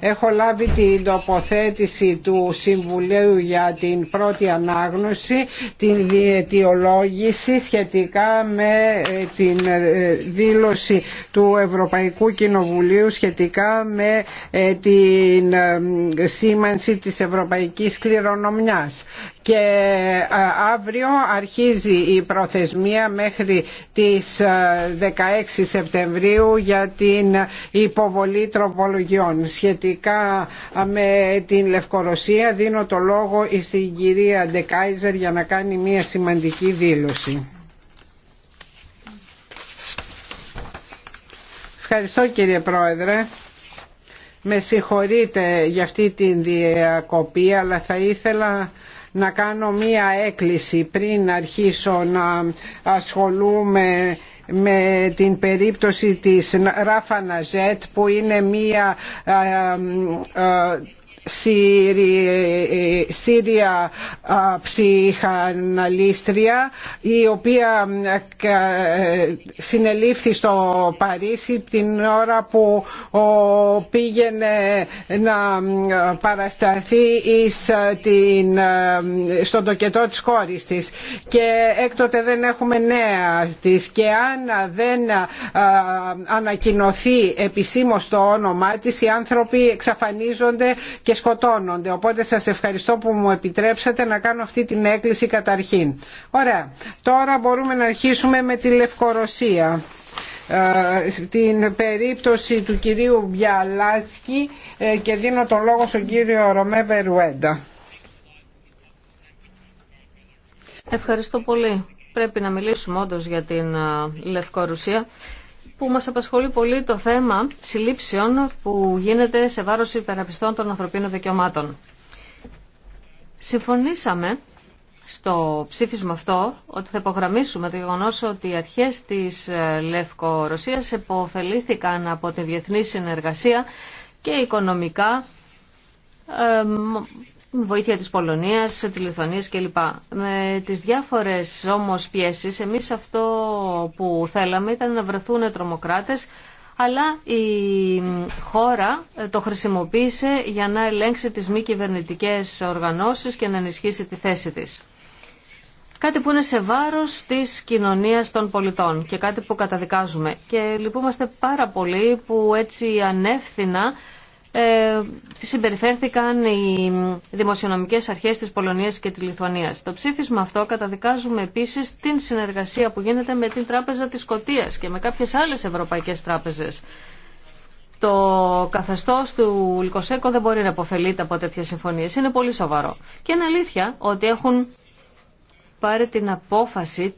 Έχω λάβει την τοποθέτηση του Συμβουλίου για την πρώτη ανάγνωση, την διαιτιολόγηση σχετικά με ε, την ε, δήλωση του Ευρωπαϊκού Κοινοβουλίου σχετικά με ε, την σήμανση της Ευρωπαϊκής Κληρονομιάς και ε, αύριο αρχίζει η προθεσμία μέχρι τις 16 ε, Σεπτεμβρίου για την υποβολή τροπολογιών. Σχετικά ε, με την Λευκορωσία δίνω το λόγο στην κυρία Ντεκάιζερ για να κάνει μια σημαντική δήλωση. Ευχαριστώ κύριε Πρόεδρε. Με συγχωρείτε για αυτή την διακοπή αλλά θα ήθελα να κάνω μία έκκληση πριν αρχίσω να ασχολούμαι με την περίπτωση της Ράφα Ναζέτ που είναι μία ε, ε, Σύρια ψυχαναλίστρια η οποία συνελήφθη στο Παρίσι την ώρα που πήγαινε να παρασταθεί στον τοκετό της κόρης της και έκτοτε δεν έχουμε νέα της και αν δεν ανακοινωθεί επισήμως το όνομά της οι άνθρωποι εξαφανίζονται και σκοτώνονται. Οπότε σας ευχαριστώ που μου επιτρέψατε να κάνω αυτή την έκκληση καταρχήν. Ωραία. Τώρα μπορούμε να αρχίσουμε με τη Λευκορωσία ε, την περίπτωση του κυρίου Μπιαλάσκη ε, και δίνω τον λόγο στον κύριο Ρωμέ Βερουέντα. Ευχαριστώ πολύ. Πρέπει να μιλήσουμε όντως για την ε, Λευκορωσία που μας απασχολεί πολύ το θέμα συλλήψεων που γίνεται σε βάρος υπεραπιστών των ανθρωπίνων δικαιωμάτων. Συμφωνήσαμε στο ψήφισμα αυτό ότι θα υπογραμμίσουμε το γεγονός ότι οι αρχές της ε, Λευκορωσίας επωφελήθηκαν από τη διεθνή συνεργασία και οικονομικά ε, με βοήθεια της Πολωνίας, τη Λιθωνίας κλπ. Με τις διάφορες όμως πιέσεις, εμείς αυτό που θέλαμε ήταν να βρεθούν τρομοκράτες, αλλά η χώρα το χρησιμοποίησε για να ελέγξει τις μη κυβερνητικέ οργανώσεις και να ενισχύσει τη θέση της. Κάτι που είναι σε βάρος της κοινωνίας των πολιτών και κάτι που καταδικάζουμε. Και λυπούμαστε πάρα πολύ που έτσι ανεύθυνα ε, συμπεριφέρθηκαν οι δημοσιονομικές αρχές της Πολωνίας και της Λιθουανίας. Το ψήφισμα αυτό καταδικάζουμε επίσης την συνεργασία που γίνεται με την Τράπεζα της Σκωτίας και με κάποιες άλλες ευρωπαϊκές τράπεζες. Το καθεστώς του Λικοσέκο δεν μπορεί να αποφελείται από τέτοιες συμφωνίες. Είναι πολύ σοβαρό. Και είναι αλήθεια ότι έχουν πάρει την απόφαση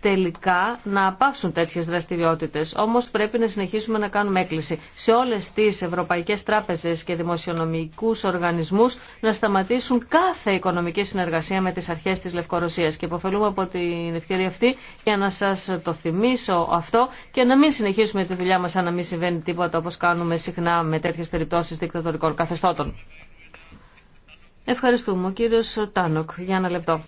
τελικά να απάψουν τέτοιες δραστηριότητες. Όμως πρέπει να συνεχίσουμε να κάνουμε έκκληση σε όλες τις ευρωπαϊκές τράπεζες και δημοσιονομικούς οργανισμούς να σταματήσουν κάθε οικονομική συνεργασία με τις αρχές της Λευκορωσίας. Και υποφελούμε από την ευκαιρία αυτή για να σας το θυμίσω αυτό και να μην συνεχίσουμε τη δουλειά μας αν να μην συμβαίνει τίποτα όπως κάνουμε συχνά με τέτοιες περιπτώσεις δικτατορικών καθεστώτων. Ευχαριστούμε. Ο κύριος Τάνοκ, για ένα λεπτό.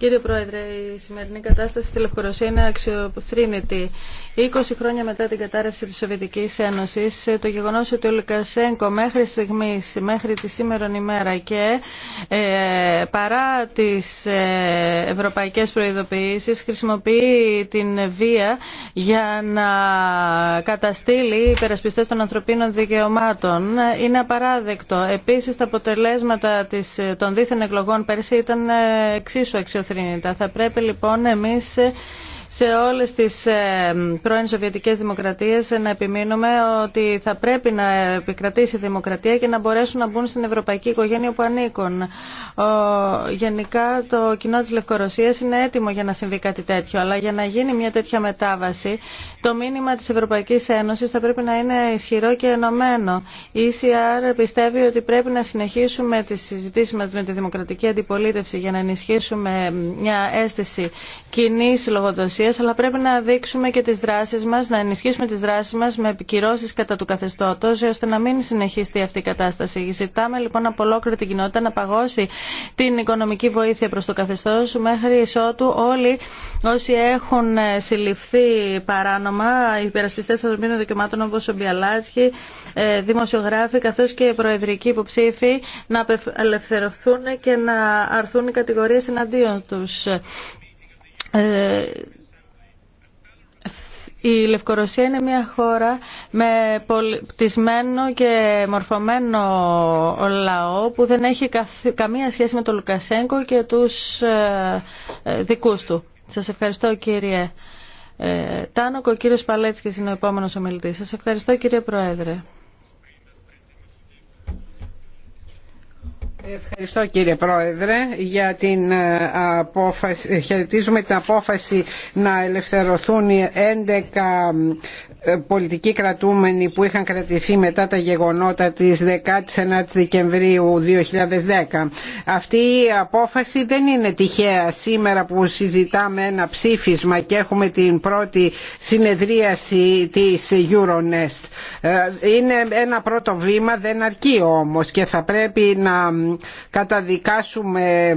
Κύριε Πρόεδρε, η σημερινή κατάσταση στη Λευκορωσία είναι αξιοθρύνητη. 20 χρόνια μετά την κατάρρευση της Σοβιετικής Ένωσης, το γεγονός ότι ο Λουκασέγκο μέχρι στιγμής, μέχρι τη σήμερον ημέρα και ε, παρά τις ε, ευρωπαϊκές προειδοποιήσεις χρησιμοποιεί την βία για να καταστήλει υπερασπιστές των ανθρωπίνων δικαιωμάτων είναι απαράδεκτο. Επίσης τα αποτελέσματα των δίθεν εκλογών πέρσι ήταν ε, εξίσου αξιοθρύνητα θα πρέπει λοιπόν εμείς ε, σε όλες τις ε, πρώην Σοβιετικές Δημοκρατίες να επιμείνουμε ότι θα πρέπει να επικρατήσει η δημοκρατία και να μπορέσουν να μπουν στην ευρωπαϊκή οικογένεια που ανήκουν. γενικά το κοινό της Λευκορωσίας είναι έτοιμο για να συμβεί κάτι τέτοιο, αλλά για να γίνει μια τέτοια μετάβαση το μήνυμα της Ευρωπαϊκής Ένωσης θα πρέπει να είναι ισχυρό και ενωμένο. Η ECR πιστεύει ότι πρέπει να συνεχίσουμε τις συζητήσεις μα με τη δημοκρατική αντιπολίτευση για να ενισχύσουμε μια αίσθηση κοινή λογοδοσία αλλά πρέπει να δείξουμε και τις δράσεις μας, να ενισχύσουμε τις δράσεις μας με επικυρώσεις κατά του καθεστώτος, ώστε να μην συνεχιστεί αυτή η κατάσταση. Ζητάμε λοιπόν από ολόκληρη την κοινότητα να παγώσει την οικονομική βοήθεια προς το καθεστώς μέχρι ισότου όλοι όσοι έχουν ε, συλληφθεί παράνομα, οι υπερασπιστές ανθρωπίνων δικαιωμάτων όπως ο Μπιαλάτσχη, ε, δημοσιογράφοι καθώς και προεδρικοί υποψήφοι να απελευθερωθούν και να αρθούν οι κατηγορίες εναντίον τους. Ε, η Λευκορωσία είναι μια χώρα με πολιτισμένο και μορφωμένο λαό που δεν έχει καμία σχέση με τον Λουκασέγκο και τους ε, ε, δικούς του. Σας ευχαριστώ κύριε ε, Τάνοκο. Ο κύριος Παλέτσκης είναι ο επόμενος ομιλητής. Σας ευχαριστώ κύριε Πρόεδρε. Ευχαριστώ κύριε Πρόεδρε για την ε, απόφαση, χαιρετίζουμε την απόφαση να ελευθερωθούν οι 11 ε, πολιτικοί κρατούμενοι που είχαν κρατηθεί μετά τα γεγονότα της 19ης Δεκεμβρίου 2010. Αυτή η απόφαση δεν είναι τυχαία σήμερα που συζητάμε ένα ψήφισμα και έχουμε την πρώτη συνεδρίαση της Euronest. Ε, είναι ένα πρώτο βήμα, δεν αρκεί όμως και θα πρέπει να καταδικάσουμε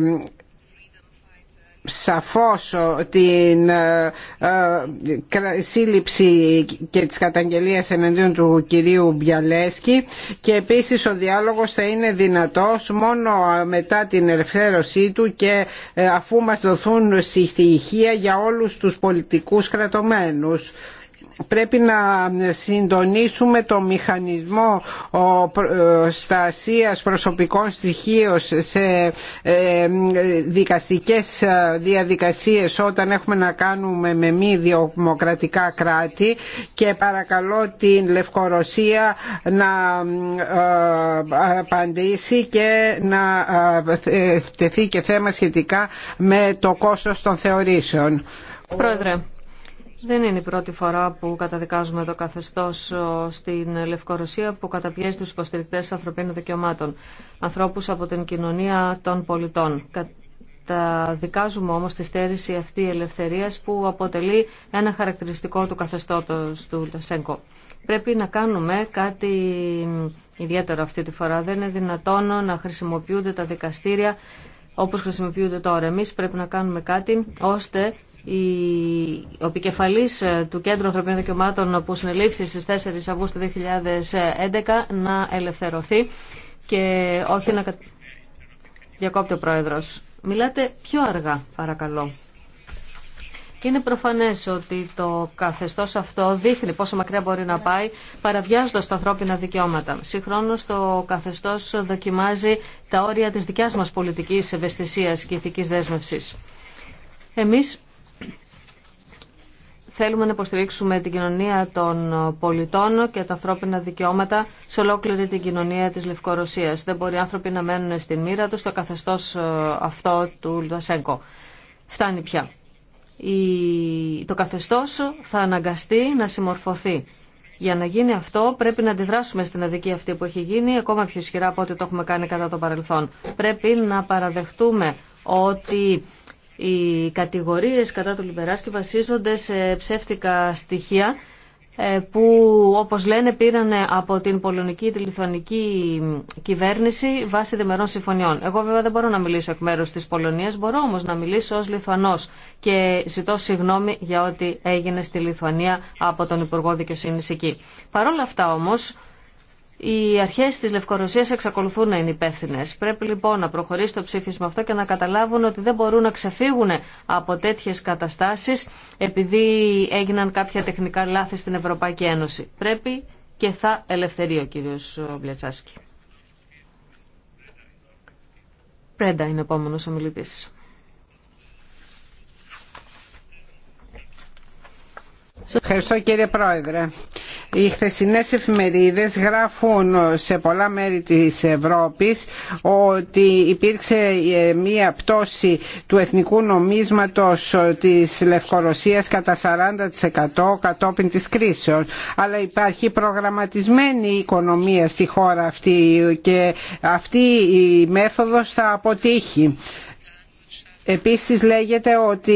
σαφώς την ε, ε, σύλληψη και τις καταγγελίες εναντίον του κυρίου Μπιαλέσκη και επίσης ο διάλογος θα είναι δυνατός μόνο μετά την ελευθέρωσή του και ε, αφού μας δοθούν στοιχεία για όλους τους πολιτικούς κρατομένους πρέπει να συντονίσουμε το μηχανισμό ε, στασίας προσωπικών στοιχείων σε ε, δικαστικές ε, διαδικασίες όταν έχουμε να κάνουμε με μη δημοκρατικά κράτη και παρακαλώ την Λευκορωσία να απαντήσει και να τεθεί και θέμα σχετικά με το κόστος των θεωρήσεων. Δεν είναι η πρώτη φορά που καταδικάζουμε το καθεστώ ε, στην Λευκορωσία που καταπιέζει του υποστηρικτέ ανθρωπίνων δικαιωμάτων, ανθρώπου από την κοινωνία των πολιτών. Καταδικάζουμε όμω τη στέρηση αυτή ελευθερία που αποτελεί ένα χαρακτηριστικό του καθεστώτος του Λασέγκο. Πρέπει να κάνουμε κάτι ιδιαίτερο αυτή τη φορά. Δεν είναι δυνατόν να χρησιμοποιούνται τα δικαστήρια όπως χρησιμοποιούνται τώρα. Εμείς πρέπει να κάνουμε κάτι ώστε ο επικεφαλής ε, του Κέντρου Ανθρωπίνων Δικαιωμάτων που συνελήφθη στις 4 Αυγούστου 2011 να ελευθερωθεί και όχι να... Διακόπτει ο Πρόεδρος. Μιλάτε πιο αργά, παρακαλώ. Και είναι προφανές ότι το καθεστώς αυτό δείχνει πόσο μακριά μπορεί να πάει παραβιάζοντας τα ανθρώπινα δικαιώματα. Συγχρόνως το καθεστώς δοκιμάζει τα όρια της δικιάς μας πολιτικής ευαισθησίας και ηθικής δέσμευσης. Εμείς Θέλουμε να υποστηρίξουμε την κοινωνία των πολιτών και τα ανθρώπινα δικαιώματα σε ολόκληρη την κοινωνία της Λευκορωσίας. Δεν μπορεί οι άνθρωποι να μένουν στην μοίρα τους στο καθεστώς ε, αυτό του Λουτασέγκο. Φτάνει πια. Το καθεστώς θα αναγκαστεί να συμμορφωθεί. Για να γίνει αυτό πρέπει να αντιδράσουμε στην αδικία αυτή που έχει γίνει ακόμα πιο ισχυρά από ό,τι το έχουμε κάνει κατά το παρελθόν. Πρέπει να παραδεχτούμε ότι οι κατηγορίες κατά του Λιμπεράσκη βασίζονται σε ψεύτικα στοιχεία ε, που όπως λένε πήραν από την πολωνική τη λιθουανική κυβέρνηση βάσει διμερών συμφωνιών. Εγώ βέβαια δεν μπορώ να μιλήσω εκ μέρους της Πολωνίας, μπορώ όμως να μιλήσω ως Λιθουανός και ζητώ συγγνώμη για ό,τι έγινε στη Λιθουανία από τον Υπουργό Δικαιοσύνης εκεί. Παρ' όλα αυτά όμως οι αρχέ τη Λευκορωσία εξακολουθούν να είναι υπεύθυνε. Πρέπει λοιπόν να προχωρήσει το ψήφισμα αυτό και να καταλάβουν ότι δεν μπορούν να ξεφύγουν από τέτοιε καταστάσει επειδή έγιναν κάποια τεχνικά λάθη στην Ευρωπαϊκή Ένωση. Πρέπει και θα ελευθερεί ο κύριο Μπλετσάσκη. Πρέντα είναι επόμενο ομιλητή. Ευχαριστώ κύριε Πρόεδρε. Οι χθεσινές εφημερίδες γράφουν σε πολλά μέρη της Ευρώπης ότι υπήρξε ε, μία πτώση του εθνικού νομίσματος της Λευκορωσίας κατά 40% κατόπιν της κρίσεως. Αλλά υπάρχει προγραμματισμένη οικονομία στη χώρα αυτή και αυτή η μέθοδος θα αποτύχει. Επίσης λέγεται ότι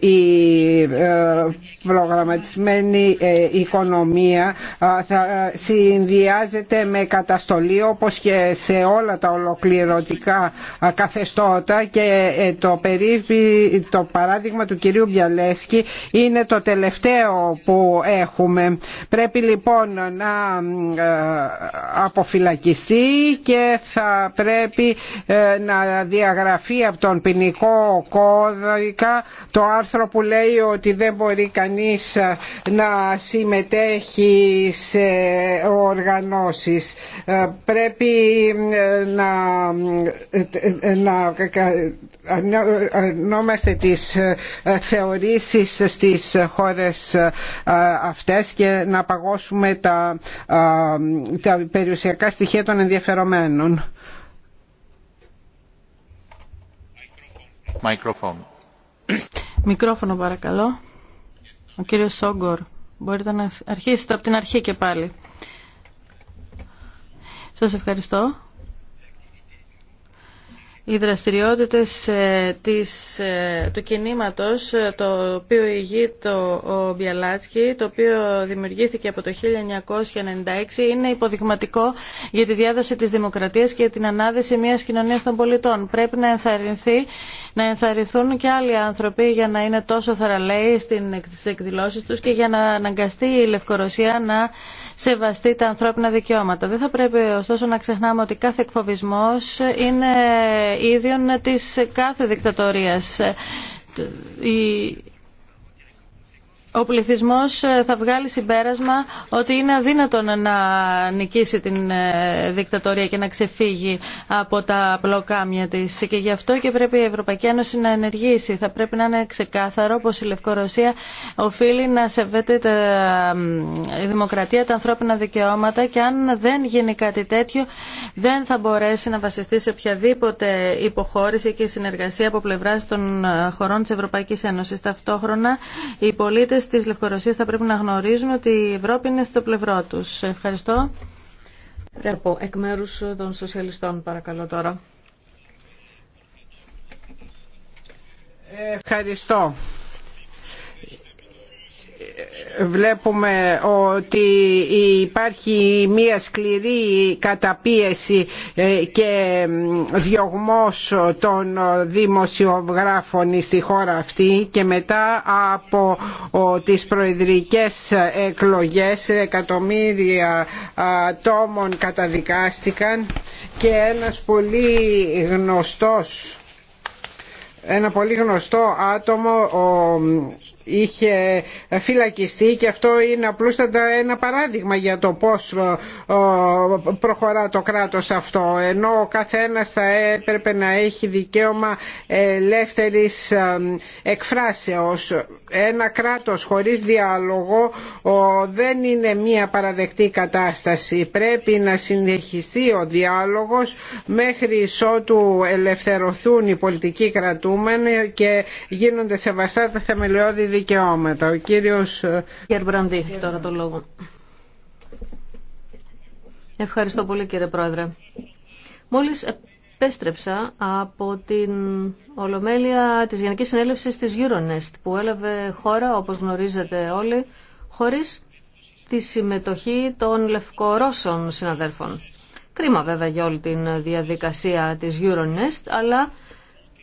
η ε, προγραμματισμένη ε, οικονομία ε, θα συνδυάζεται με καταστολή όπως και σε όλα τα ολοκληρωτικά καθεστώτα και το, περίπου, το παράδειγμα του κυρίου Μπιαλέσκη είναι το τελευταίο που έχουμε. Πρέπει λοιπόν να αποφυλακιστεί και θα πρέπει να διαγραφεί από τον ποινικό κώδικα το άρθρο που λέει ότι δεν μπορεί κανείς ε, να συμμετέχει σε οργανώσεις. Ε, πρέπει ε, να, να αρνόμαστε τις θεωρήσεις στις χώρες αυτές και να παγώσουμε τα, τα περιουσιακά στοιχεία των ενδιαφερομένων. Μικρόφωνο παρακαλώ. Ο κύριος Σόγκορ, μπορείτε να αρχίσετε από την αρχή και πάλι. Σας ευχαριστώ. Οι δραστηριότητες ε, ε, του κινήματος, ε, το οποίο ηγεί το ο Μπιαλάτσκι, το οποίο δημιουργήθηκε από το 1996, είναι υποδειγματικό για τη διάδοση της δημοκρατίας και την ανάδεση μιας κοινωνίας των πολιτών. Πρέπει να ενθαρρυνθεί να ενθαρρυνθούν και άλλοι άνθρωποι για να είναι τόσο θαραλέοι στις εκδηλώσεις τους και για να αναγκαστεί η Λευκορωσία να σεβαστεί τα ανθρώπινα δικαιώματα. Δεν θα πρέπει ωστόσο να ξεχνάμε ότι κάθε εκφοβισμός είναι ίδιον της κάθε δικτατορίας ο πληθυσμός ε, θα βγάλει συμπέρασμα ότι είναι αδύνατο να νικήσει την ε, δικτατορία και να ξεφύγει από τα πλοκάμια της και γι' αυτό και πρέπει η Ευρωπαϊκή Ένωση να ενεργήσει. Θα πρέπει να είναι ξεκάθαρο πως η Λευκορωσία οφείλει να σεβέται τα... η δημοκρατία, τα ανθρώπινα δικαιώματα και αν δεν γίνει κάτι τέτοιο δεν θα μπορέσει να βασιστεί σε οποιαδήποτε υποχώρηση και συνεργασία από πλευρά των ε, χωρών της Ευρωπαϊκή Ένωση. Ταυτόχρονα οι πολίτες πολίτες της θα πρέπει να γνωρίζουμε ότι η Ευρώπη είναι στο πλευρό τους. Ευχαριστώ. Ρεπό, εκ μέρους των σοσιαλιστών παρακαλώ τώρα. Ευχαριστώ βλέπουμε ότι υπάρχει μία σκληρή καταπίεση ε, και διωγμός των δημοσιογράφων στη χώρα αυτή και μετά από τις προεδρικές εκλογές εκατομμύρια τόμων καταδικάστηκαν και ένας πολύ γνωστός ένα πολύ γνωστό άτομο είχε φυλακιστεί και αυτό είναι απλούστατα ένα παράδειγμα για το πώς ε, ε, προχωρά το κράτος αυτό ενώ ο καθένας θα έπρεπε να έχει δικαίωμα ελεύθερης ε, εκφράσεως. Ένα κράτος χωρίς διάλογο δεν είναι μία παραδεκτή κατάσταση. Πρέπει να συνεχιστεί ο διάλογος μέχρι ότου ελευθερωθούν οι πολιτικοί κρατούμενοι και γίνονται σεβαστά τα θεμελιώδη δικαιώματα. Ο κύριος... Ε, τώρα το λόγο. Ευχαριστώ πολύ κύριε Πρόεδρε. Μόλις επέστρεψα από την Ολομέλεια της Γενικής Συνέλευσης της Euronest που έλαβε χώρα, όπως γνωρίζετε όλοι, χωρίς τη συμμετοχή των λευκορώσων συναδέλφων. Κρίμα βέβαια για όλη την διαδικασία της Euronest, αλλά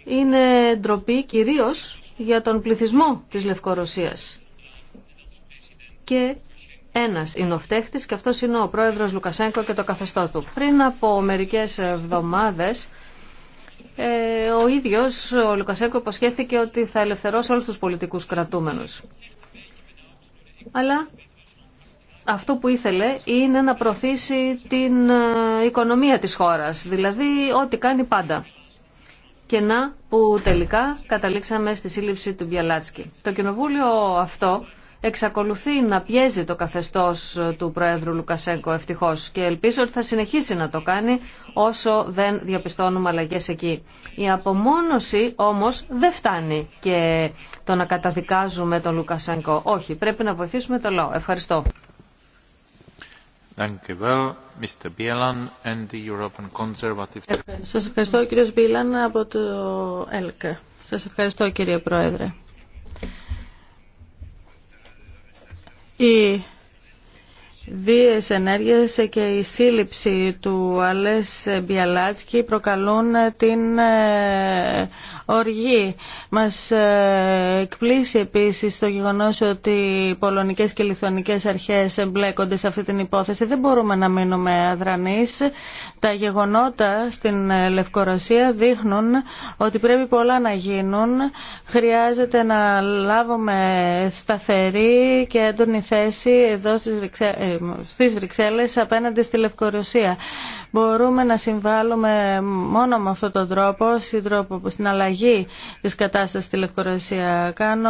είναι ντροπή κυρίως για τον πληθυσμό της Λευκορωσίας. Και ένας είναι ο φταίχτης και αυτός είναι ο πρόεδρος Λουκασέγκο και το καθεστώ του. Πριν από μερικές εβδομάδες ε, ο ίδιος ο Λουκασέγκο υποσχέθηκε ότι θα ελευθερώσει όλους τους πολιτικούς κρατούμενους. Αλλά αυτό που ήθελε είναι να προωθήσει την ε, οικονομία της χώρας, δηλαδή ό,τι κάνει πάντα. Και να που τελικά καταλήξαμε στη σύλληψη του Μπιαλάτσκι. Το κοινοβούλιο αυτό εξακολουθεί να πιέζει το καθεστώς του Προέδρου Λουκασέγκο ευτυχώς και ελπίζω ότι θα συνεχίσει να το κάνει όσο δεν διαπιστώνουμε αλλαγές εκεί. Η απομόνωση όμως δεν φτάνει και το να καταδικάζουμε τον Λουκασέγκο. Όχι, πρέπει να βοηθήσουμε το λαό. Ευχαριστώ. Ε, σας ευχαριστώ κύριε Μπίλαν από το ΕΛΚΑ. Σας ευχαριστώ κύριε Πρόεδρε. Η βίες ενέργειες και η σύλληψη του Αλές Μπιαλάτσκι προκαλούν την ε, οργή. Μας ε, εκπλήσει επίσης το γεγονός ότι οι πολωνικές και λιθωνικές αρχές εμπλέκονται σε αυτή την υπόθεση. Δεν μπορούμε να μείνουμε αδρανείς. Τα γεγονότα στην ε, Λευκορωσία δείχνουν ότι πρέπει πολλά να γίνουν. Χρειάζεται να λάβουμε σταθερή και έντονη θέση εδώ στις στις Βρυξέλλες απέναντι στη Λευκορωσία. Μπορούμε να συμβάλλουμε μόνο με αυτόν τον τρόπο στην αλλαγή της κατάστασης στη Λευκορωσία. Κάνω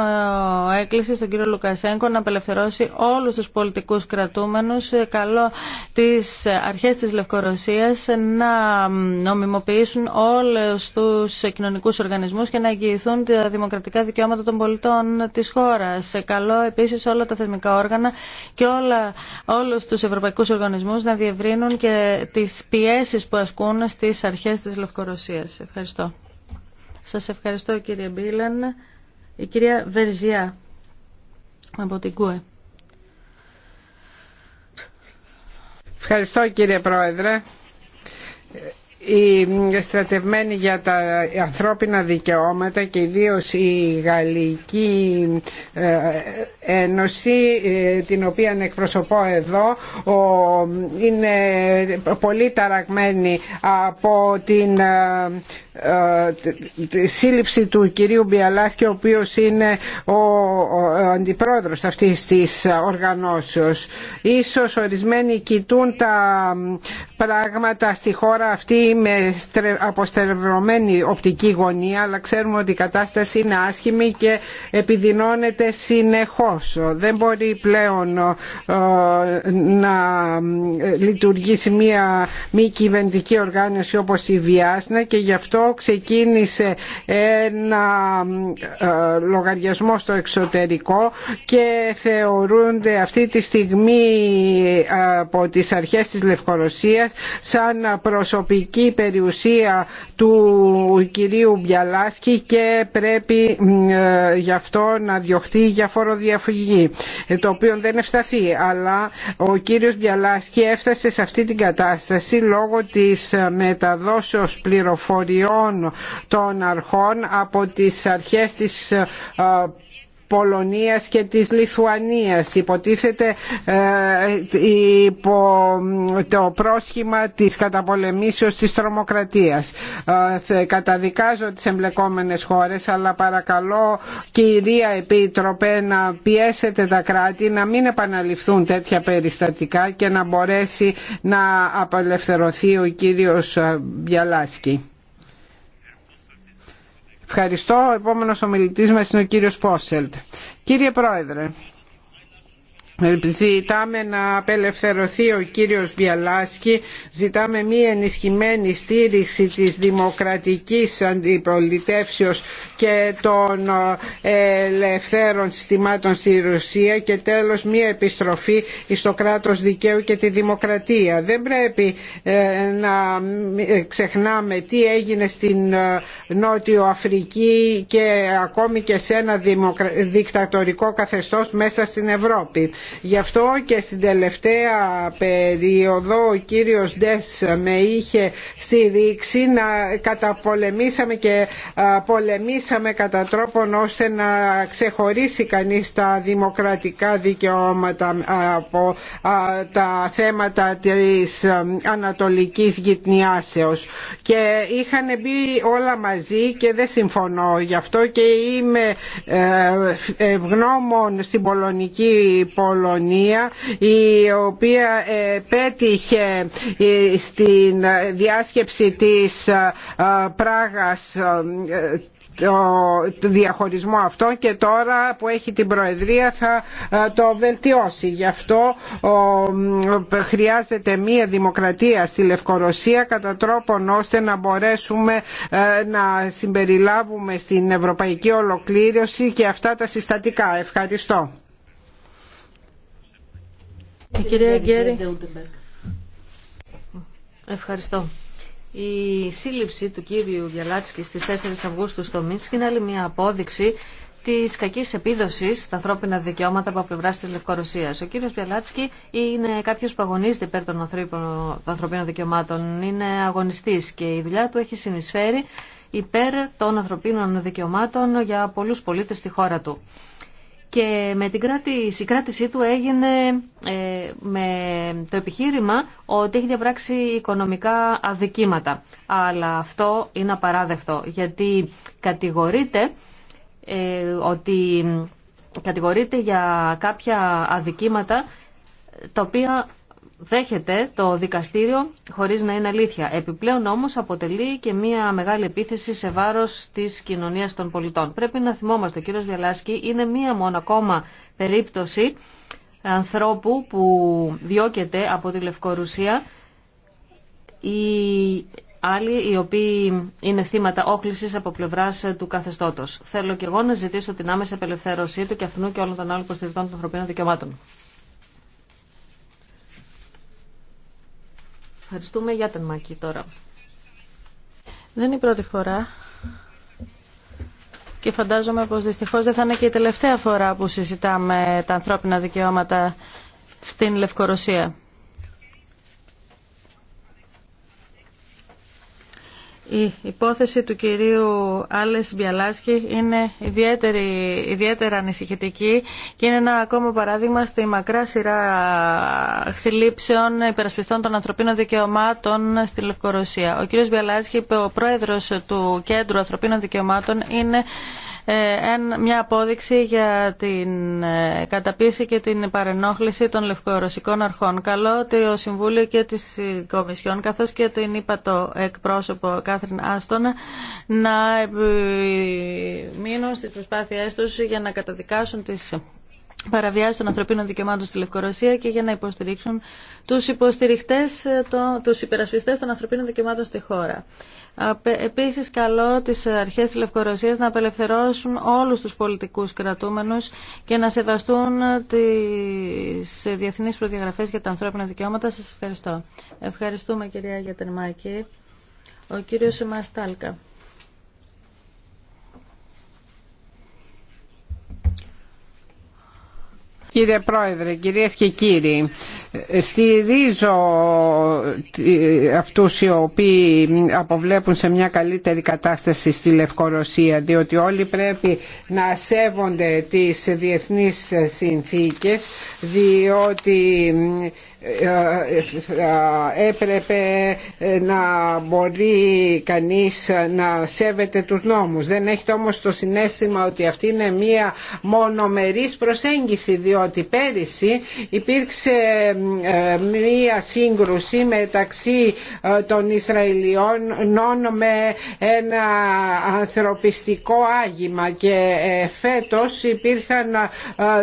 έκκληση στον κύριο Λουκασέγκο να απελευθερώσει όλους τους πολιτικούς κρατούμενους. Καλό τις αρχές της Λευκορωσίας να νομιμοποιήσουν όλους τους κοινωνικούς οργανισμούς και να εγγυηθούν τα δημοκρατικά δικαιώματα των πολιτών της χώρας. Καλό επίσης όλα τα θεσμικά όργανα και όλα όλους τους ευρωπαϊκούς οργανισμούς να διευρύνουν και τις πιέσεις που ασκούν στις αρχές της Λευκορωσίας. Ευχαριστώ. Σας ευχαριστώ κύριε Μπίλαν. Η κυρία Βερζιά από την ΚΟΕ. Ευχαριστώ κύριε Πρόεδρε οι στρατευμένοι για τα ανθρώπινα δικαιώματα και ιδίω η Γαλλική ε, Ένωση ε, την οποία εκπροσωπώ εδώ είναι πολύ ταραγμένη από την ε, σύλληψη του κυρίου και ο οποίος είναι ο αντιπρόεδρος αυτής της οργανώσεως. Ίσως ορισμένοι κοιτούν τα πράγματα στη χώρα αυτή με αποστερευρωμένη οπτική γωνία αλλά ξέρουμε ότι η κατάσταση είναι άσχημη και επιδεινώνεται συνεχώς. Δεν μπορεί πλέον ε, να ε, λειτουργήσει μια μη κυβερνητική οργάνωση όπως η Βιάσνα και γι' αυτό ξεκίνησε ένα ε, λογαριασμό στο εξωτερικό και θεωρούνται αυτή τη στιγμή από τις αρχές της Λευκορωσίας σαν προσωπική η περιουσία του κυρίου Μπιαλάσκη και πρέπει ε, γι' αυτό να διωχθεί για φοροδιαφυγή ε, το οποίο δεν ευσταθεί αλλά ο κύριος Μπιαλάσκη έφτασε σε αυτή την κατάσταση λόγω της ε, μεταδόσεως πληροφοριών των αρχών από τις αρχές της Πολωνίας και της Λιθουανίας. Υποτίθεται ε, υπό το πρόσχημα της καταπολεμήσεως της τρομοκρατίας. Ε, καταδικάζω τις εμπλεκόμενες χώρες αλλά παρακαλώ κυρία Επίτροπε να πιέσετε τα κράτη να μην επαναληφθούν τέτοια περιστατικά και να μπορέσει να απελευθερωθεί ο κύριος ε, Μπιαλάσκη. Ευχαριστώ. Ο επόμενος ομιλητής μας είναι ο κύριος Πόσελτ. Κύριε Πρόεδρε, Ζητάμε να απελευθερωθεί ο κύριος Βιαλάσκη, ζητάμε μία ενισχυμένη στήριξη της δημοκρατικής αντιπολιτεύσεως και των ε, ελευθέρων συστημάτων στη Ρωσία και τέλος μία επιστροφή στο κράτος δικαίου και τη δημοκρατία. Δεν πρέπει ε, να ε, ξεχνάμε τι έγινε στην Νότιο Αφρική και ακόμη και σε ένα δικτατορικό καθεστώς μέσα στην Ευρώπη Γι' αυτό και στην τελευταία περίοδο ο κύριος Ντες με είχε στηρίξει να καταπολεμήσαμε και πολεμήσαμε κατά τρόπον ώστε να ξεχωρίσει κανείς τα δημοκρατικά δικαιώματα από τα θέματα της ανατολικής γυτνιάσεως και είχαν μπει όλα μαζί και δεν συμφωνώ γι' αυτό και είμαι ε, ευγνώμων στην πολωνική πολιτική η οποία ε, πέτυχε ε, στην διάσκεψη της ε, Πράγας το διαχωρισμό αυτό και τώρα που έχει την Προεδρία θα το βελτιώσει. Γι' αυτό χρειάζεται μία δημοκρατία στη Λευκορωσία κατά τρόπον ώστε να μπορέσουμε να συμπεριλάβουμε στην ευρωπαϊκή ολοκλήρωση και αυτά τα συστατικά. Ευχαριστώ. Η κυρία Γκέρι. Ευχαριστώ. Η σύλληψη του κύριου Βιαλάτσκη στις 4 Αυγούστου στο Μίνσκ είναι άλλη μια απόδειξη τη κακή επίδοση στα ανθρώπινα δικαιώματα από πλευρά τη Λευκορωσία. Ο κύριο Βιαλάτσκι είναι κάποιο που αγωνίζεται υπέρ των ανθρωπίνων δικαιωμάτων. Είναι αγωνιστή και η δουλειά του έχει συνεισφέρει υπέρ των ανθρωπίνων δικαιωμάτων για πολλού πολίτε στη χώρα του και με την κράτηση, η του έγινε ε, με το επιχείρημα ότι έχει διαπράξει οικονομικά αδικήματα. Αλλά αυτό είναι απαράδεκτο γιατί κατηγορείται ε, ότι κατηγορείται για κάποια αδικήματα τα οποία δέχεται το δικαστήριο χωρίς να είναι αλήθεια. Επιπλέον όμως αποτελεί και μια μεγάλη επίθεση σε βάρος της κοινωνίας των πολιτών. Πρέπει να θυμόμαστε, ο κύριος Βιαλάσκη είναι μία μόνο ακόμα περίπτωση ανθρώπου που διώκεται από τη Λευκορουσία ή άλλοι οι οποίοι είναι θύματα όχλησης από πλευράς του καθεστώτος. Θέλω και εγώ να ζητήσω την άμεση απελευθέρωσή του και αυτού και όλων των άλλων υποστηρικτών των ανθρωπίνων δικαιωμάτων. Ευχαριστούμε για τον Μακή τώρα. Δεν είναι η πρώτη φορά και φαντάζομαι πως δυστυχώς δεν θα είναι και η τελευταία φορά που συζητάμε τα ανθρώπινα δικαιώματα στην Λευκορωσία. Η υπόθεση του κυρίου Άλες Μπιαλάσκη είναι ιδιαίτερη, ιδιαίτερα ανησυχητική και είναι ένα ακόμα παράδειγμα στη μακρά σειρά συλλήψεων υπερασπιστών των ανθρωπίνων δικαιωμάτων στη Λευκορωσία. Ο κύριος Μπιαλάσκη, ο πρόεδρος του Κέντρου Ανθρωπίνων Δικαιωμάτων, είναι ε, μια απόδειξη για την ε, καταπίεση και την παρενόχληση των λευκορωσικών αρχών. Καλό ο Συμβούλιο και της Κομισιόν, καθώς και την είπα το εκπρόσωπο Κάθριν Άστον να μείνουν στις προσπάθειές τους για να καταδικάσουν τις παραβιάσει των ανθρωπίνων δικαιωμάτων στη Λευκορωσία και για να υποστηρίξουν τους υποστηριχτές, το, τους υπερασπιστές των ανθρωπίνων δικαιωμάτων στη χώρα. Επίσης καλώ τις αρχές της Λευκορωσίας να απελευθερώσουν όλους τους πολιτικούς κρατούμενους και να σεβαστούν τις διεθνείς προδιαγραφές για τα ανθρώπινα δικαιώματα. Σας ευχαριστώ. Ευχαριστούμε κυρία Γιατερμάκη. Ο κύριος Μαστάλκα. Κύριε Πρόεδρε, κυρίες και κύριοι, στηρίζω αυτούς οι οποίοι αποβλέπουν σε μια καλύτερη κατάσταση στη Λευκορωσία διότι όλοι πρέπει να σέβονται τις διεθνείς συνθήκες διότι έπρεπε να μπορεί κανείς να σέβεται τους νόμους. Δεν έχετε όμως το συνέστημα ότι αυτή είναι μία μονομερής προσέγγιση διότι πέρυσι υπήρξε ε, μία σύγκρουση μεταξύ ε, των Ισραηλιών με ένα ανθρωπιστικό άγημα και ε, φέτος υπήρχαν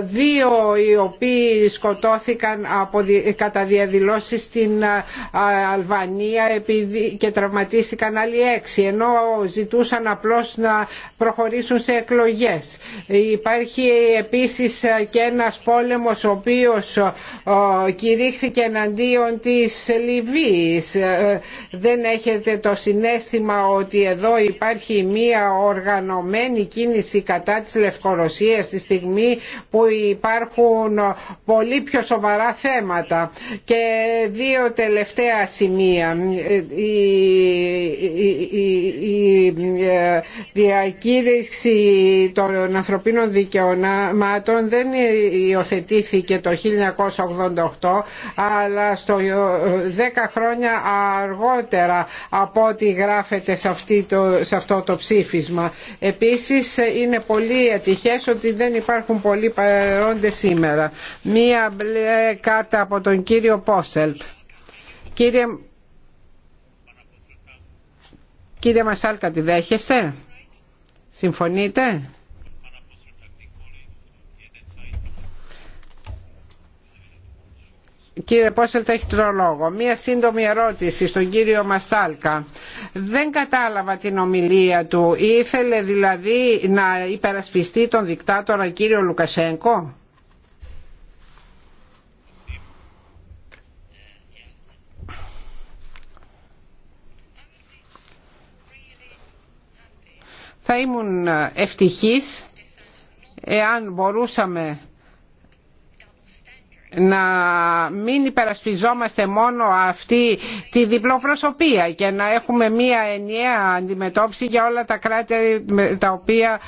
δύο οι οποίοι σκοτώθηκαν από κατά διαδηλώσει στην Αλβανία και τραυματίστηκαν άλλοι έξι ενώ ζητούσαν απλώς να προχωρήσουν σε εκλογές. Υπάρχει επίσης και ένας πόλεμος ο οποίος κηρύχθηκε εναντίον της Λιβύης. Ε, δεν έχετε το συνέστημα ότι εδώ υπάρχει μία οργανωμένη κίνηση κατά της Λευκορωσίας τη στιγμή που υπάρχουν πολύ πιο σοβαρά θέματα και δύο τελευταία σημεία. Η, η, η ε, διακήρυξη των ανθρωπίνων δικαιωμάτων δεν υιοθετήθηκε το 1988 αλλά στο 10 ε, χρόνια αργότερα από ό,τι γράφεται σε, το, σε αυτό το ψήφισμα. Επίσης είναι πολύ ατυχές ότι δεν υπάρχουν πολλοί παρόντες σήμερα. Μία μπλε κάρτα από τον κύριο Πόσελτ. Κύριε, κύριε Μασάλκα, τη δέχεστε? Συμφωνείτε? Κύριε Πόσελτ, έχει το λόγο. Μία σύντομη ερώτηση στον κύριο Μαστάλκα. Δεν κατάλαβα την ομιλία του. Ήθελε δηλαδή να υπερασπιστεί τον δικτάτορα κύριο Λουκασέγκο. Θα ήμουν ε, ευτυχής εάν μπορούσαμε να μην υπερασπιζόμαστε μόνο αυτή τη διπλοπροσωπία και να έχουμε μία ενιαία αντιμετώπιση για όλα τα κράτη τα οποία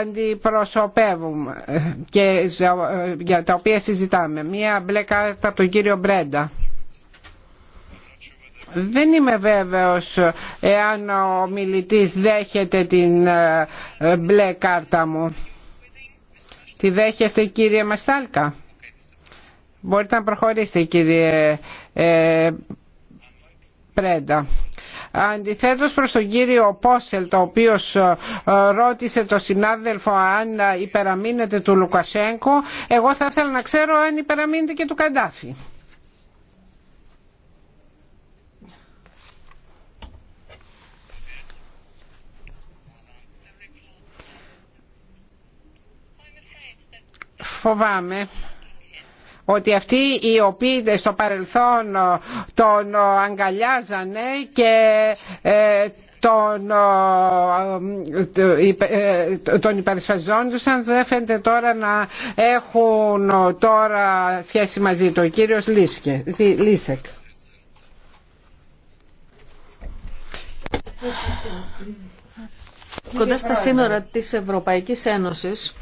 αντιπροσωπεύουμε ε, και ε, για τα οποία συζητάμε. Μία μπλε κάρτα από τον κύριο Μπρέντα δεν είμαι βέβαιος εάν ο μιλητής δέχεται την ε, μπλε κάρτα μου. Τη δέχεστε κύριε Μαστάλκα. Μπορείτε να προχωρήσετε κύριε ε, Πρέντα. Αντιθέτως προς τον κύριο Πόσελ, το οποίος ε, ρώτησε το συνάδελφο αν υπεραμείνεται του Λουκασέγκο, εγώ θα ήθελα να ξέρω αν υπεραμείνεται και του Καντάφη. φοβάμαι ότι αυτοί οι οποίοι στο παρελθόν τον αγκαλιάζανε και ε, τον, ε, ε, τον υπερισφαζόντουσαν δεν φαίνεται τώρα να έχουν τώρα σχέση μαζί του. Ο κύριος Λίσκε, Λίσεκ. Κοντά στα σύνορα της Ευρωπαϊκής Ένωσης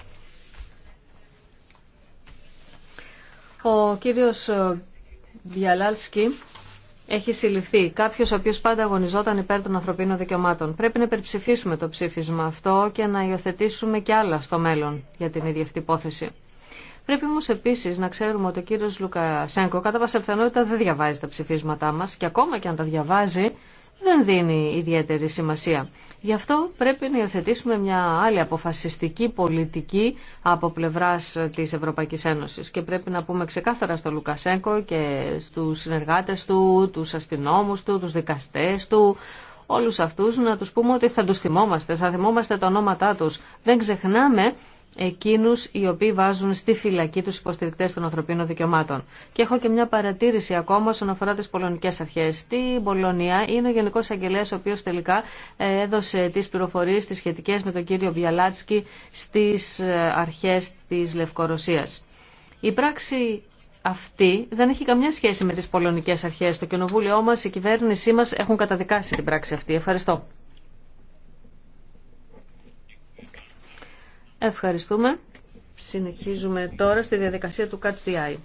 Ο κύριος ε, Διαλάλσκι έχει συλληφθεί. Κάποιος ο οποίος πάντα αγωνιζόταν υπέρ των ανθρωπίνων δικαιωμάτων. Πρέπει να υπερψηφίσουμε το ψήφισμα αυτό και να υιοθετήσουμε και άλλα στο μέλλον για την ίδια αυτή υπόθεση. Πρέπει όμω επίση να ξέρουμε ότι ο κύριο Λουκασέγκο κατά πάσα πιθανότητα δεν διαβάζει τα ψηφίσματά μα και ακόμα και αν τα διαβάζει δεν δίνει ιδιαίτερη σημασία. Γι' αυτό πρέπει να υιοθετήσουμε μια άλλη αποφασιστική πολιτική από πλευρά της Ευρωπαϊκής Ένωσης και πρέπει να πούμε ξεκάθαρα στο Λουκασέγκο και στους συνεργάτες του, του αστυνόμους του, του δικαστέ του, όλους αυτούς να του πούμε ότι θα του θυμόμαστε, θα θυμόμαστε τα ονόματά τους. Δεν ξεχνάμε εκείνους οι οποίοι βάζουν στη φυλακή τους υποστηρικτές των ανθρωπίνων δικαιωμάτων. Και έχω και μια παρατήρηση ακόμα όσον αφορά τις πολωνικές αρχές. Στην Πολωνία είναι ο Γενικός Αγγελέας ο οποίος τελικά ε, έδωσε τις πληροφορίες τις σχετικές με τον κύριο Βιαλάτσκι στις ε, αρχές της Λευκορωσίας. Η πράξη αυτή δεν έχει καμιά σχέση με τις πολωνικές αρχές. Το κοινοβούλιο μας, η κυβέρνησή μας έχουν καταδικάσει την πράξη αυτή. Ευχαριστώ. Ευχαριστούμε. Συνεχίζουμε τώρα στη διαδικασία του Catch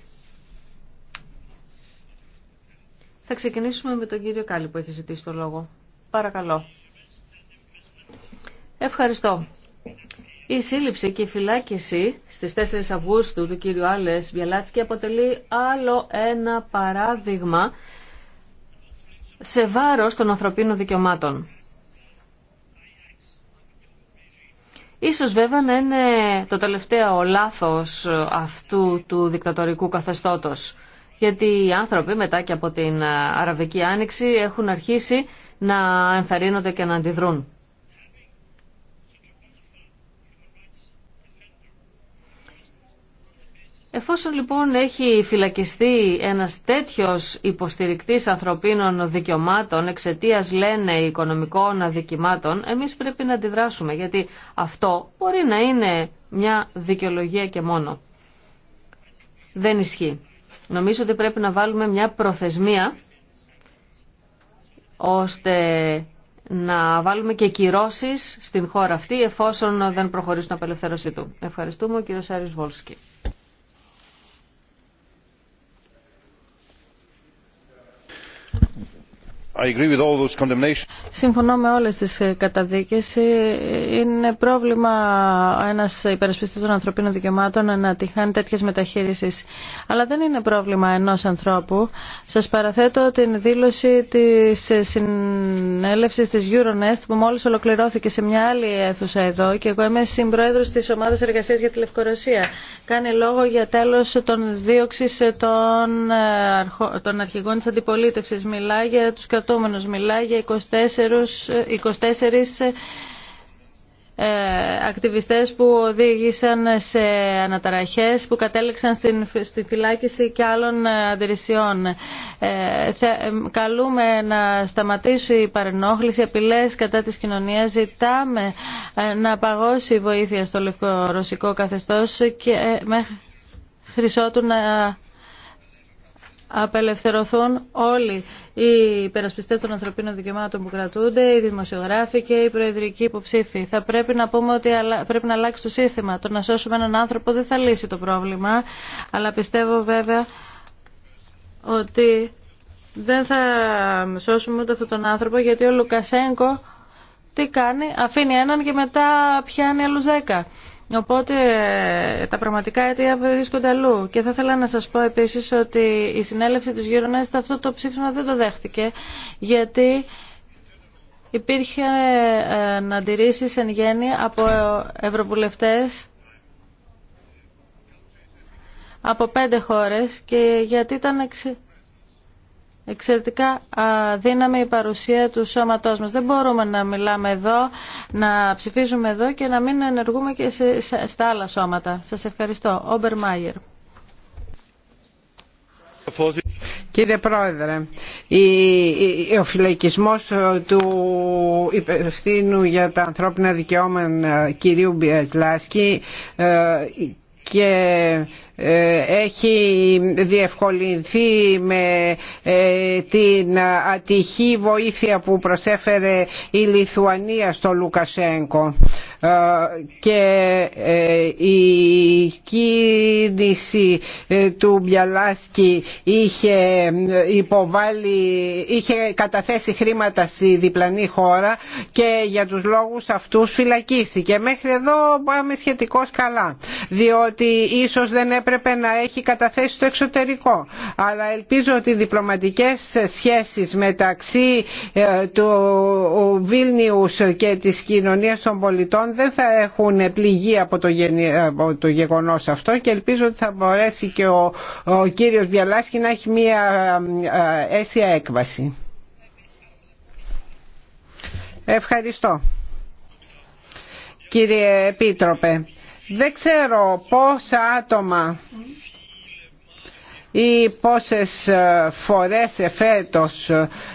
Θα ξεκινήσουμε με τον κύριο Κάλλη που έχει ζητήσει το λόγο. Παρακαλώ. Ευχαριστώ. Η σύλληψη και η φυλάκιση στις 4 Αυγούστου του κύριου Άλες Βιαλάτσκη αποτελεί άλλο ένα παράδειγμα σε βάρος των ανθρωπίνων δικαιωμάτων. Ίσως βέβαια να είναι το τελευταίο λάθος αυτού του δικτατορικού καθεστώτος. Γιατί οι άνθρωποι μετά και από την Αραβική Άνοιξη έχουν αρχίσει να ενθαρρύνονται και να αντιδρούν. Εφόσον λοιπόν έχει φυλακιστεί ένας τέτοιος υποστηρικτής ανθρωπίνων δικαιωμάτων εξαιτία λένε οικονομικών αδικημάτων, εμείς πρέπει να αντιδράσουμε γιατί αυτό μπορεί να είναι μια δικαιολογία και μόνο. Δεν ισχύει. Νομίζω ότι πρέπει να βάλουμε μια προθεσμία ώστε να βάλουμε και κυρώσεις στην χώρα αυτή εφόσον δεν προχωρήσουν απελευθέρωση του. Ευχαριστούμε ο κύριος Βόλσκι. Συμφωνώ με όλες τις ε, καταδίκες. Ε, είναι πρόβλημα ένας υπερασπιστής των ανθρωπίνων δικαιωμάτων να τυχάνει τέτοιες μεταχείρισεις. Αλλά δεν είναι πρόβλημα ενός ανθρώπου. Σας παραθέτω την δήλωση της ε, συνέλευσης της Euronest που μόλις ολοκληρώθηκε σε μια άλλη αίθουσα εδώ και εγώ είμαι συμπρόεδρος της Ομάδας Εργασίας για τη Λευκορωσία. Κάνει λόγο για τέλος των δίωξης των, αρχηγών της αντιπολίτευσης. Μιλά για τους κρατούμενος Μιλάει για 24, 24 ε, ακτιβιστές που οδήγησαν σε αναταραχές που κατέληξαν στην, στη φυλάκιση και άλλων ε, αντιρρησιών. Ε, καλούμε να σταματήσει η παρενόχληση, απειλές κατά της κοινωνίας. Ζητάμε να παγώσει η βοήθεια στο λευκορωσικό καθεστώς και ε, μέχρι να απελευθερωθούν όλοι οι υπερασπιστέ των ανθρωπίνων δικαιωμάτων που κρατούνται, οι δημοσιογράφοι και οι προεδρικοί υποψήφοι. Θα πρέπει να πούμε ότι πρέπει να αλλάξει το σύστημα. Το να σώσουμε έναν άνθρωπο δεν θα λύσει το πρόβλημα, αλλά πιστεύω βέβαια ότι δεν θα σώσουμε ούτε αυτόν τον άνθρωπο γιατί ο Λουκασέγκο τι κάνει, αφήνει έναν και μετά πιάνει άλλους δέκα. Οπότε ε, τα πραγματικά αίτια βρίσκονται αλλού. Και θα ήθελα να σας πω επίσης ότι η συνέλευση της Euronest αυτό το ψήφισμα δεν το δέχτηκε, γιατί υπήρχε να ε, αντιρρήσεις εν γέννη από ευρωβουλευτές από πέντε χώρες και γιατί ήταν εξ εξαιρετικά δύναμη η παρουσία του σώματός μας. Δεν μπορούμε να μιλάμε εδώ, να ψηφίζουμε εδώ και να μην ενεργούμε και στα άλλα σώματα. Σας ευχαριστώ. Όμπερ Μάιερ. Κύριε Πρόεδρε, ο φυλακισμός του υπευθύνου για τα ανθρώπινα δικαιώματα κυρίου Μπιατλάσκη ε, και ε, έχει διευκολυνθεί με ε, την ατυχή βοήθεια που προσέφερε η Λιθουανία στο Λουκασέγκο ε, και η κίνηση του Μπιαλάσκη είχε υποβάλει, είχε καταθέσει χρήματα στη διπλανή χώρα και για τους λόγους αυτούς φυλακίστηκε. Μέχρι εδώ πάμε σχετικώς καλά, διότι ότι ίσως δεν έπρεπε να έχει καταθέσει το εξωτερικό. Αλλά ελπίζω ότι οι διπλωματικές σχέσεις μεταξύ ε, του Βίλνιους και της κοινωνίας των πολιτών δεν θα έχουν πληγεί από το γεγονός αυτό και ελπίζω ότι θα μπορέσει και ο, ο κύριος Μπιαλάσκη να έχει μία ε, αίσια έκβαση. Ευχαριστώ. Κύριε Επίτροπε, δεν ξέρω πόσα άτομα ή πόσες ε, φορές εφέτος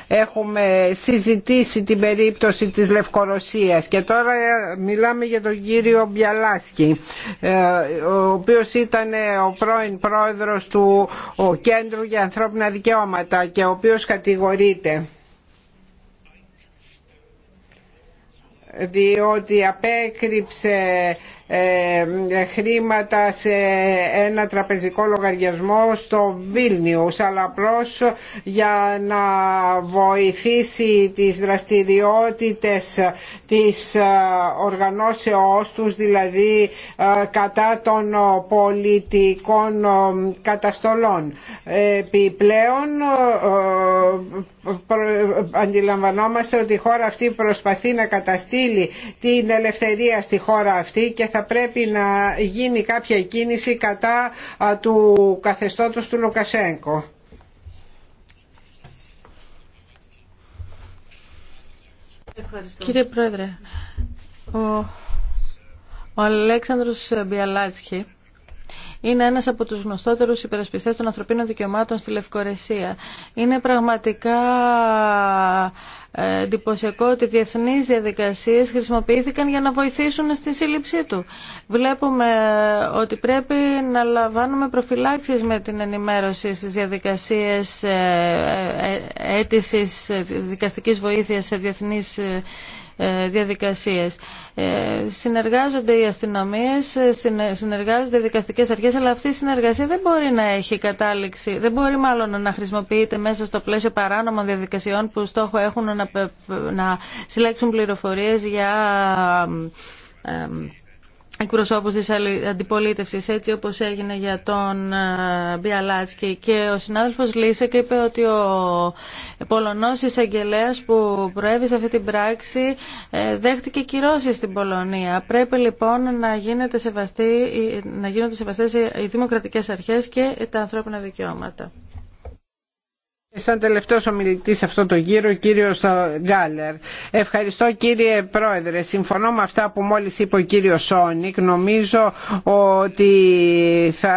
έχουμε συζητήσει την περίπτωση της Λευκορωσίας και τώρα ε, μιλάμε για τον κύριο Μπιαλάσκη ε, ο οποίος ήταν ο πρώην πρόεδρος του Κέντρου για Ανθρώπινα Δικαιώματα και ο οποίος κατηγορείται διότι απέκρυψε ε, χρήματα σε ένα τραπεζικό λογαριασμό στο Βίλνιους αλλά απλώ για να βοηθήσει τις δραστηριότητες της ε, οργανώσεώς τους δηλαδή ε, κατά των πολιτικών καταστολών. Επιπλέον αντιλαμβανόμαστε ότι η χώρα αυτή προσπαθεί να καταστήλει την ελευθερία στη χώρα αυτή και θα πρέπει να γίνει κάποια κίνηση κατά του καθεστώτος του Λουκασέγκο. Κύριε Πρόεδρε, ο, ο Αλέξανδρος Μπιαλάτσχη είναι ένας από τους γνωστότερους υπερασπιστές των ανθρωπίνων δικαιωμάτων στη Λευκορεσία. Είναι πραγματικά ε, εντυπωσιακό ότι διεθνείς διαδικασίε χρησιμοποιήθηκαν για να βοηθήσουν στη σύλληψή του. Βλέπουμε ε, ότι πρέπει να λαμβάνουμε προφυλάξεις με την ενημέρωση στις διαδικασίες ε, αίτησης δικαστικής βοήθειας σε διεθνείς ε, διαδικασίες. Ε, συνεργάζονται οι αστυνομίες, ε, συνεργάζονται οι δικαστικές αρχές, αλλά αυτή η συνεργασία δεν μπορεί να έχει κατάληξη, δεν μπορεί μάλλον να χρησιμοποιείται μέσα στο πλαίσιο παράνομων διαδικασιών που στόχο έχουν να συλλέξουν πληροφορίες για εκπροσώπους τη αντιπολίτευση, έτσι όπως έγινε για τον ε, Μπιαλάτσκι και ο συνάδελφος Λίσεκ είπε ότι ο Πολωνός εισαγγελέα που προέβη σε αυτή την πράξη ε, δέχτηκε κυρώσει στην Πολωνία. Πρέπει λοιπόν να, γίνεται σεβαστή, να γίνονται σεβαστές οι δημοκρατικές αρχές και τα ανθρώπινα δικαιώματα. Σαν τελευταίος ομιλητής σε αυτό το γύρο, ο κύριος ε, Γκάλερ. Ευχαριστώ κύριε Πρόεδρε. Συμφωνώ με αυτά που μόλις είπε ο κύριος Σόνικ. Νομίζω ότι θα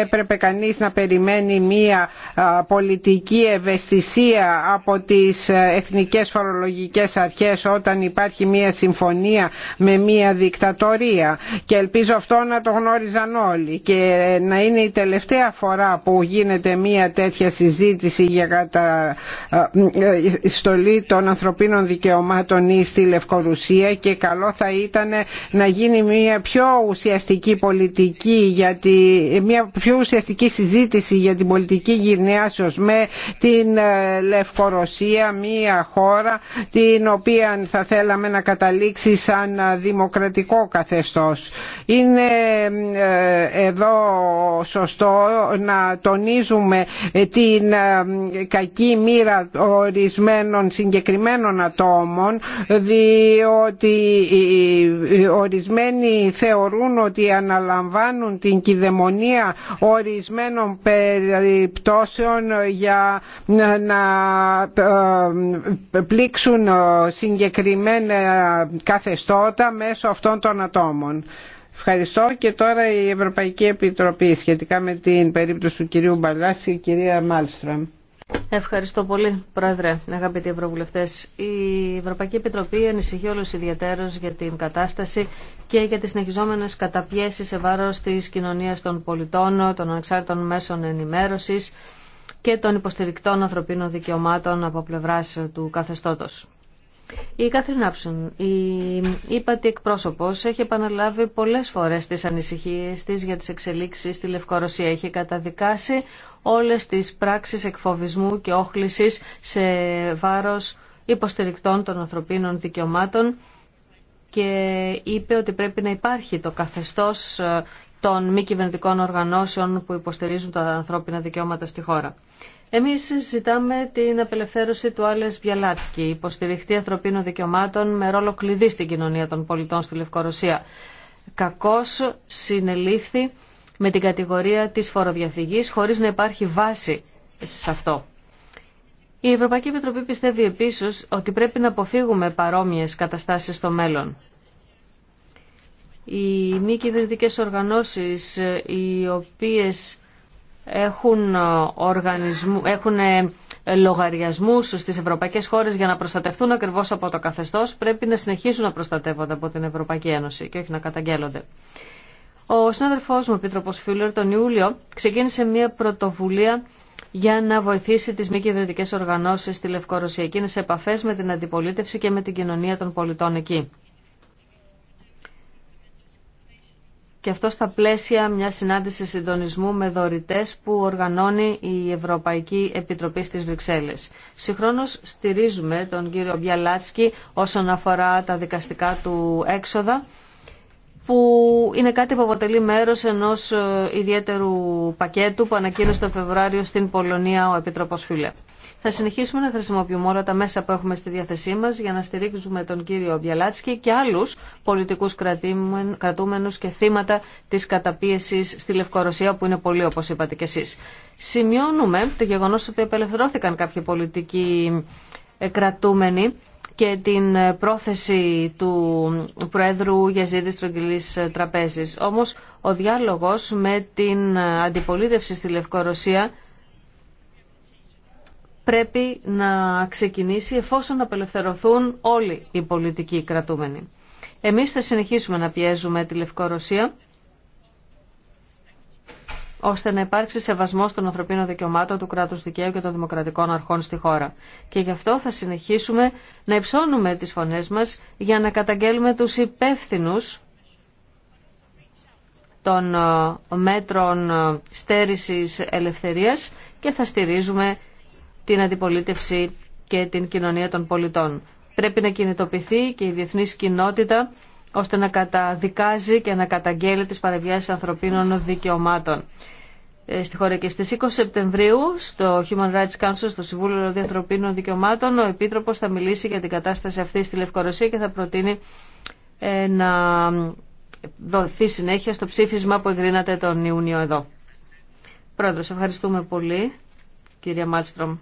έπρεπε κανείς να περιμένει μία ε, πολιτική ευαισθησία από τις ε, εθνικές φορολογικέ αρχές όταν υπάρχει μία συμφωνία με μία δικτατορία. Και ελπίζω αυτό να το γνώριζαν όλοι. Και να είναι η τελευταία φορά που γίνεται μία τέτοια συζήτηση για κάτα ε, στολή των ανθρωπίνων δικαιωμάτων ή στη Λευκορουσία και καλό θα ήταν να γίνει μια πιο ουσιαστική πολιτική γιατί μια πιο ουσιαστική συζήτηση για την πολιτική γυρνιάσεως με την ε, Λευκορωσία μια χώρα την οποία θα θέλαμε να καταλήξει σαν ε, δημοκρατικό καθεστώς. Είναι εδώ σωστό να τονίζουμε την κακή μοίρα ορισμένων συγκεκριμένων ατόμων διότι ορισμένοι θεωρούν ότι αναλαμβάνουν την κυδαιμονία ορισμένων περιπτώσεων για να ε, πλήξουν συγκεκριμένα καθεστώτα μέσω αυτών των ατόμων. Ευχαριστώ και τώρα η Ευρωπαϊκή Επιτροπή σχετικά με την περίπτωση του κυρίου Μπαλάση και η κυρία Μάλστραμ. Ευχαριστώ πολύ, Πρόεδρε, αγαπητοί Ευρωβουλευτέ. Η Ευρωπαϊκή Επιτροπή ανησυχεί όλο ιδιαίτερω για την κατάσταση και για τι συνεχιζόμενε καταπιέσει σε βάρο τη κοινωνία των πολιτών, των ανεξάρτητων μέσων ενημέρωση και των υποστηρικτών ανθρωπίνων δικαιωμάτων από πλευρά του Καθεστώτο. Η Κάθριν Άψον, η ύπατη εκπρόσωπο, έχει επαναλάβει πολλές φορές τις ανησυχίες της για τις εξελίξεις στη Λευκορωσία. Έχει καταδικάσει όλες τις πράξεις εκφοβισμού και όχλησης σε βάρος υποστηρικτών των ανθρωπίνων δικαιωμάτων και είπε ότι πρέπει να υπάρχει το καθεστώς ε, των μη κυβερνητικών οργανώσεων που υποστηρίζουν τα ανθρώπινα δικαιώματα στη χώρα. Εμείς ζητάμε την απελευθέρωση του Άλες Βιαλάτσκι, υποστηριχτή ανθρωπίνων δικαιωμάτων με ρόλο κλειδί στην κοινωνία των πολιτών στη Λευκορωσία. Κακός συνελήφθη με την κατηγορία της φοροδιαφυγής χωρίς να υπάρχει βάση σε αυτό. Η Ευρωπαϊκή Επιτροπή πιστεύει επίσης ότι πρέπει να αποφύγουμε παρόμοιες καταστάσεις στο μέλλον. Οι μη κυβερνητικέ οργανώσεις οι οποίες έχουν, ε, οργανισμού, έχουν ε, λογαριασμούς στις ευρωπαϊκές χώρες για να προστατευτούν ακριβώς από το καθεστώς πρέπει να συνεχίσουν να προστατεύονται από την Ευρωπαϊκή Ένωση και όχι να καταγγέλλονται. Ο συνάδελφός μου, Επίτροπος Φιούλερ, τον Ιούλιο ξεκίνησε μια πρωτοβουλία για να βοηθήσει τις μη κυβερνητικέ οργανώσεις στη Λευκορωσία και σε επαφές με την αντιπολίτευση και με την κοινωνία των πολιτών εκεί. και αυτό στα πλαίσια μια συνάντηση συντονισμού με δωρητέ που οργανώνει η Ευρωπαϊκή Επιτροπή στις Βρυξέλλες. Συγχρόνως στηρίζουμε τον κύριο Μπιαλάτσκι όσον αφορά τα δικαστικά του έξοδα που είναι κάτι που αποτελεί μέρος ενός ε, ιδιαίτερου πακέτου που ανακοίνωσε τον Φεβρουάριο στην Πολωνία ο Επιτροπός Φίλε. Θα συνεχίσουμε να χρησιμοποιούμε όλα τα μέσα που έχουμε στη διάθεσή μας για να στηρίξουμε τον κύριο Βιαλάτσκι και άλλους πολιτικούς κρατούμενους και θύματα της καταπίεσης στη Λευκορωσία που είναι πολύ όπως είπατε και εσείς. Σημειώνουμε το γεγονός ότι απελευθερώθηκαν κάποιοι πολιτικοί ε, κρατούμενοι και την πρόθεση του Προέδρου ζήτηση Τρογγυλής Τραπέζης. Όμως ο διάλογος με την αντιπολίτευση στη Λευκορωσία πρέπει να ξεκινήσει εφόσον απελευθερωθούν όλοι οι πολιτικοί κρατούμενοι. Εμείς θα συνεχίσουμε να πιέζουμε τη Λευκορωσία ώστε να υπάρξει σεβασμό των ανθρωπίνων δικαιωμάτων του κράτου δικαίου και των δημοκρατικών αρχών στη χώρα. Και γι' αυτό θα συνεχίσουμε να υψώνουμε τι φωνέ μα για να καταγγέλουμε του υπεύθυνου των ε, μέτρων ε, στέρησης ελευθερίας και θα στηρίζουμε την αντιπολίτευση και την κοινωνία των πολιτών. Πρέπει να κινητοποιηθεί και η διεθνής κοινότητα ώστε να καταδικάζει και να καταγγέλει τις παραβιάσεις ανθρωπίνων δικαιωμάτων. Ε, στη χώρα και στις 20 Σεπτεμβρίου στο Human Rights Council, στο Συμβούλιο Ανθρωπίνων Δικαιωμάτων, ο Επίτροπος θα μιλήσει για την κατάσταση αυτή στη Λευκορωσία και θα προτείνει ε, να δοθεί συνέχεια στο ψήφισμα που εγκρίνατε τον Ιούνιο εδώ. Πρόεδρος, ευχαριστούμε πολύ, κυρία Μάλστρομ.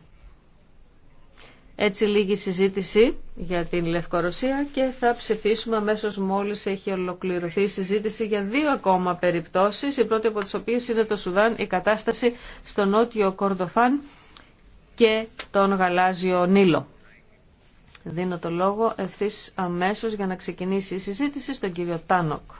Έτσι λίγη συζήτηση για την Λευκορωσία και θα ψηφίσουμε αμέσω μόλις έχει ολοκληρωθεί η συζήτηση για δύο ακόμα περιπτώσεις, η πρώτη από τις οποίες είναι το Σουδάν, η κατάσταση στο νότιο Κορδοφάν και τον Γαλάζιο Νείλο. Δίνω το λόγο ευθύ αμέσως για να ξεκινήσει η συζήτηση στον κύριο Τάνοκ.